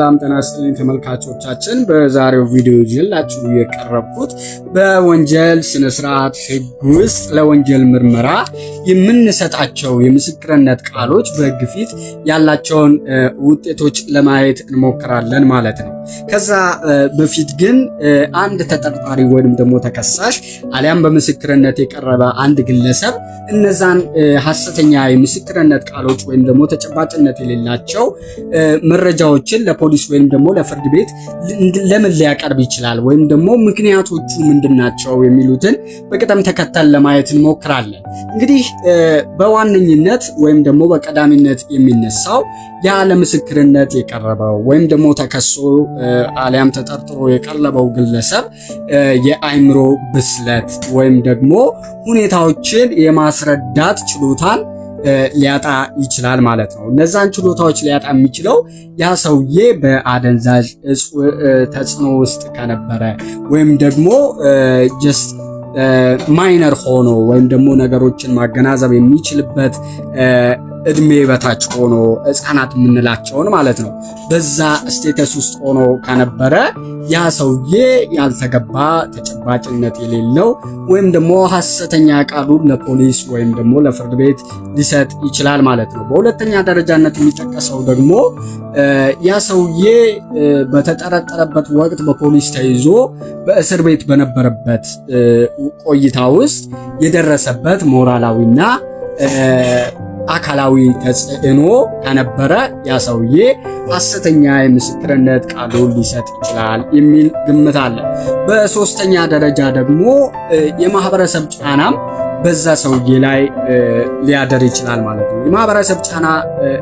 ሰላም ጤና ይስጥልኝ ተመልካቾቻችን። በዛሬው ቪዲዮ ይዤላችሁ የቀረብኩት በወንጀል ስነ ስርዓት ህግ ውስጥ ለወንጀል ምርመራ የምንሰጣቸው የምስክርነት ቃሎች በግፊት ፊት ያላቸውን ውጤቶች ለማየት እንሞክራለን ማለት ነው። ከዛ በፊት ግን አንድ ተጠርጣሪ ወይም ደግሞ ተከሳሽ አሊያም በምስክርነት የቀረበ አንድ ግለሰብ እነዛን ሀሰተኛ የምስክርነት ቃሎች ወይም ደግሞ ተጨባጭነት የሌላቸው መረጃዎችን ለፖ ለፖሊስ ወይም ደግሞ ለፍርድ ቤት ለምን ሊያቀርብ ይችላል ወይም ደግሞ ምክንያቶቹ ምንድን ናቸው የሚሉትን በቅደም ተከተል ለማየት እንሞክራለን። እንግዲህ በዋነኝነት ወይም ደግሞ በቀዳሚነት የሚነሳው ያለ ምስክርነት የቀረበው ወይም ደግሞ ተከሶ አሊያም ተጠርጥሮ የቀረበው ግለሰብ የአይምሮ ብስለት ወይም ደግሞ ሁኔታዎችን የማስረዳት ችሎታን ሊያጣ ይችላል ማለት ነው። እነዛን ችሎታዎች ሊያጣ የሚችለው ያ ሰውዬ በአደንዛዥ እጽ ተጽዕኖ ውስጥ ከነበረ ወይም ደግሞ ጀስት ማይነር ሆኖ ወይም ደግሞ ነገሮችን ማገናዘብ የሚችልበት እድሜ በታች ሆኖ ህፃናት የምንላቸውን ማለት ነው። በዛ ስቴተስ ውስጥ ሆኖ ከነበረ ያ ሰውዬ ያልተገባ ተጨባጭነት የሌለው ወይም ደግሞ ሐሰተኛ ቃሉን ለፖሊስ ወይም ደግሞ ለፍርድ ቤት ሊሰጥ ይችላል ማለት ነው። በሁለተኛ ደረጃነት የሚጠቀሰው ደግሞ ያ ሰውዬ በተጠረጠረበት ወቅት በፖሊስ ተይዞ በእስር ቤት በነበረበት ቆይታ ውስጥ የደረሰበት ሞራላዊና አካላዊ ተጽዕኖ ከነበረ ያ ሰውዬ ሐሰተኛ የምስክርነት ቃሉን ሊሰጥ ይችላል የሚል ግምት አለ። በሶስተኛ ደረጃ ደግሞ የማህበረሰብ ጫናም በዛ ሰውዬ ላይ ሊያደር ይችላል ማለት ነው። የማህበረሰብ ጫና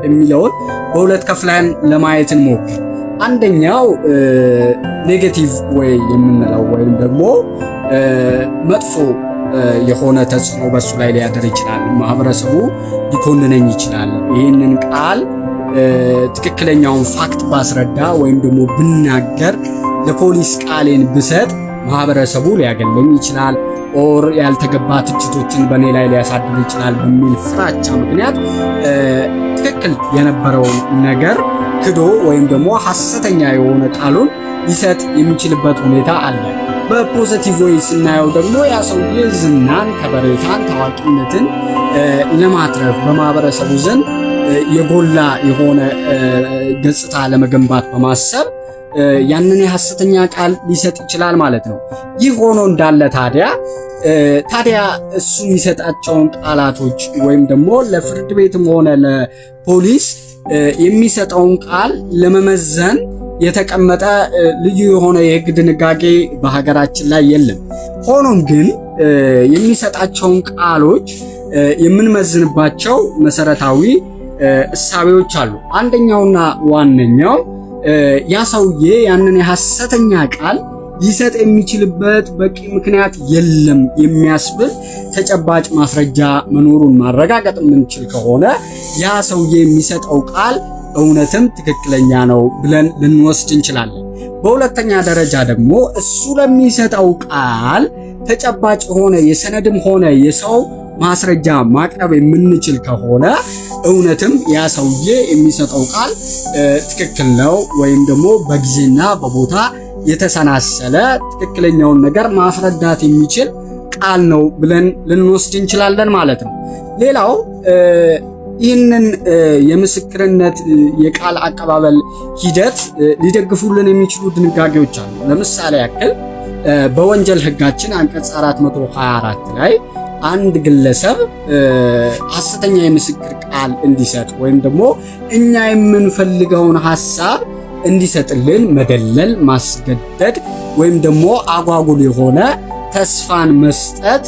የሚለውን በሁለት ከፍለን ለማየት እንሞክር። አንደኛው ኔጌቲቭ ወይ የምንለው ወይም ደግሞ መጥፎ የሆነ ተጽዕኖ በሱ ላይ ሊያደር ይችላል። ማህበረሰቡ ሊኮንነኝ ይችላል። ይህንን ቃል ትክክለኛውን ፋክት ባስረዳ ወይም ደግሞ ብናገር ለፖሊስ ቃሌን ብሰጥ ማህበረሰቡ ሊያገለኝ ይችላል ኦር ያልተገባ ትችቶችን በእኔ ላይ ሊያሳድር ይችላል በሚል ፍራቻ ምክንያት ትክክል የነበረውን ነገር ክዶ ወይም ደግሞ ሐሰተኛ የሆነ ቃሉን ሊሰጥ የሚችልበት ሁኔታ አለ። በፖዘቲቭ ወይ ስናየው ደግሞ ያ ሰውዬ ዝናን፣ ከበሬታን፣ ታዋቂነትን ለማትረፍ በማህበረሰቡ ዘንድ የጎላ የሆነ ገጽታ ለመገንባት በማሰብ ያንን የሐሰተኛ ቃል ሊሰጥ ይችላል ማለት ነው። ይህ ሆኖ እንዳለ ታዲያ ታዲያ እሱ የሚሰጣቸውን ቃላቶች ወይም ደግሞ ለፍርድ ቤትም ሆነ ለፖሊስ የሚሰጠውን ቃል ለመመዘን የተቀመጠ ልዩ የሆነ የህግ ድንጋጌ በሀገራችን ላይ የለም። ሆኖም ግን የሚሰጣቸውን ቃሎች የምንመዝንባቸው መሰረታዊ እሳቤዎች አሉ። አንደኛውና ዋነኛው ያ ሰውዬ ያንን የሐሰተኛ ቃል ሊሰጥ የሚችልበት በቂ ምክንያት የለም የሚያስብል ተጨባጭ ማስረጃ መኖሩን ማረጋገጥ የምንችል ከሆነ ያ ሰውዬ የሚሰጠው ቃል እውነትም ትክክለኛ ነው ብለን ልንወስድ እንችላለን። በሁለተኛ ደረጃ ደግሞ እሱ ለሚሰጠው ቃል ተጨባጭ ሆነ የሰነድም ሆነ የሰው ማስረጃ ማቅረብ የምንችል ከሆነ እውነትም ያ ሰውዬ የሚሰጠው ቃል ትክክል ነው ወይም ደግሞ በጊዜና በቦታ የተሰናሰለ ትክክለኛውን ነገር ማስረዳት የሚችል ቃል ነው ብለን ልንወስድ እንችላለን ማለት ነው። ሌላው ይህንን የምስክርነት የቃል አቀባበል ሂደት ሊደግፉልን የሚችሉ ድንጋጌዎች አሉ። ለምሳሌ ያክል በወንጀል ሕጋችን አንቀጽ 424 ላይ አንድ ግለሰብ ሐሰተኛ የምስክር ቃል እንዲሰጥ ወይም ደግሞ እኛ የምንፈልገውን ሐሳብ እንዲሰጥልን መደለል፣ ማስገደድ ወይም ደግሞ አጓጉል የሆነ ተስፋን መስጠት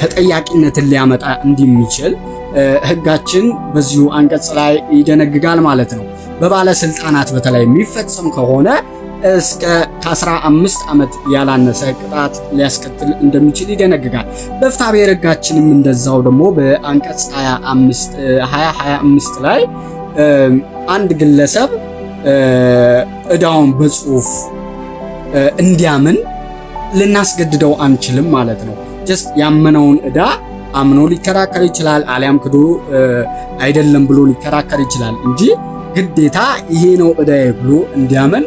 ተጠያቂነትን ሊያመጣ እንደሚችል ህጋችን በዚሁ አንቀጽ ላይ ይደነግጋል ማለት ነው። በባለስልጣናት በተለይ የሚፈጸም ከሆነ እስከ ከ15 ዓመት ያላነሰ ቅጣት ሊያስከትል እንደሚችል ይደነግጋል። በፍትሐ ብሔር ህጋችንም እንደዛው ደግሞ በአንቀጽ 25 2025 ላይ አንድ ግለሰብ እዳውን በጽሁፍ እንዲያምን ልናስገድደው አንችልም ማለት ነው። ጀስት ያመነውን እዳ አምኖ ሊከራከር ይችላል። አሊያም ክዶ አይደለም ብሎ ሊከራከር ይችላል እንጂ ግዴታ ይሄ ነው እዳዬ ብሎ እንዲያምን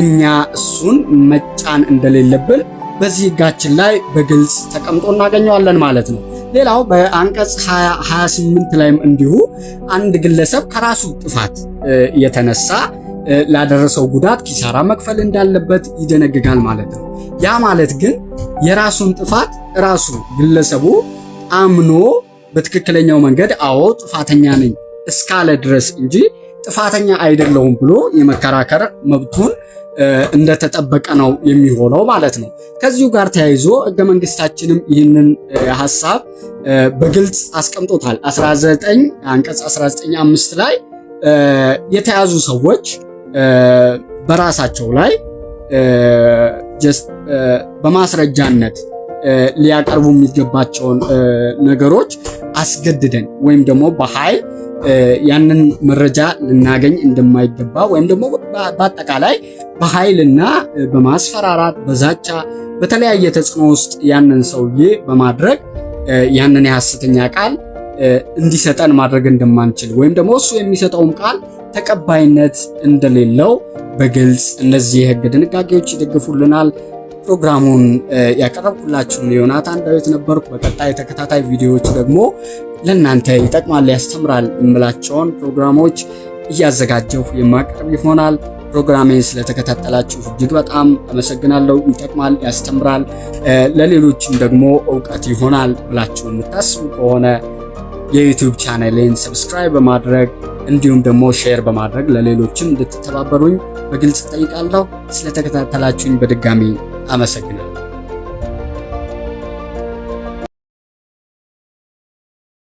እኛ እሱን መጫን እንደሌለብን በዚህ ሕጋችን ላይ በግልጽ ተቀምጦ እናገኘዋለን ማለት ነው። ሌላው በአንቀጽ 28 ላይም እንዲሁ አንድ ግለሰብ ከራሱ ጥፋት የተነሳ ላደረሰው ጉዳት ኪሳራ መክፈል እንዳለበት ይደነግጋል ማለት ነው። ያ ማለት ግን የራሱን ጥፋት ራሱ ግለሰቡ አምኖ በትክክለኛው መንገድ አዎ ጥፋተኛ ነኝ እስካለ ድረስ እንጂ ጥፋተኛ አይደለሁም ብሎ የመከራከር መብቱን እንደተጠበቀ ነው የሚሆነው ማለት ነው። ከዚሁ ጋር ተያይዞ ህገ መንግስታችንም ይህንን ሀሳብ በግልጽ አስቀምጦታል። 19 አንቀጽ 195 ላይ የተያዙ ሰዎች በራሳቸው ላይ በማስረጃነት ሊያቀርቡ የሚገባቸውን ነገሮች አስገድደን ወይም ደግሞ በኃይል ያንን መረጃ ልናገኝ እንደማይገባ ወይም ደግሞ በአጠቃላይ በኃይልና በማስፈራራት በዛቻ በተለያየ ተጽዕኖ ውስጥ ያንን ሰውዬ በማድረግ ያንን የሐሰተኛ ቃል እንዲሰጠን ማድረግ እንደማንችል ወይም ደግሞ እሱ የሚሰጠውም ቃል ተቀባይነት እንደሌለው በግልጽ እነዚህ የህግ ድንጋጌዎች ይደግፉልናል። ፕሮግራሙን ያቀረብኩላችሁን ዮናታን ዳዊት ነበርኩ። በቀጣይ ተከታታይ ቪዲዮዎች ደግሞ ለእናንተ ይጠቅማል፣ ያስተምራል የምላቸውን ፕሮግራሞች እያዘጋጀሁ የማቀርብ ይሆናል። ፕሮግራሜን ስለተከታተላችሁ እጅግ በጣም አመሰግናለሁ። ይጠቅማል፣ ያስተምራል፣ ለሌሎችም ደግሞ እውቀት ይሆናል ብላችሁ የምታስቡ ከሆነ የዩቲዩብ ቻናሌን ሰብስክራይብ በማድረግ እንዲሁም ደግሞ ሼር በማድረግ ለሌሎችም እንድትተባበሩኝ በግልጽ ጠይቃለሁ። ስለተከታተላችሁኝ በድጋሚ አመሰግናለሁ።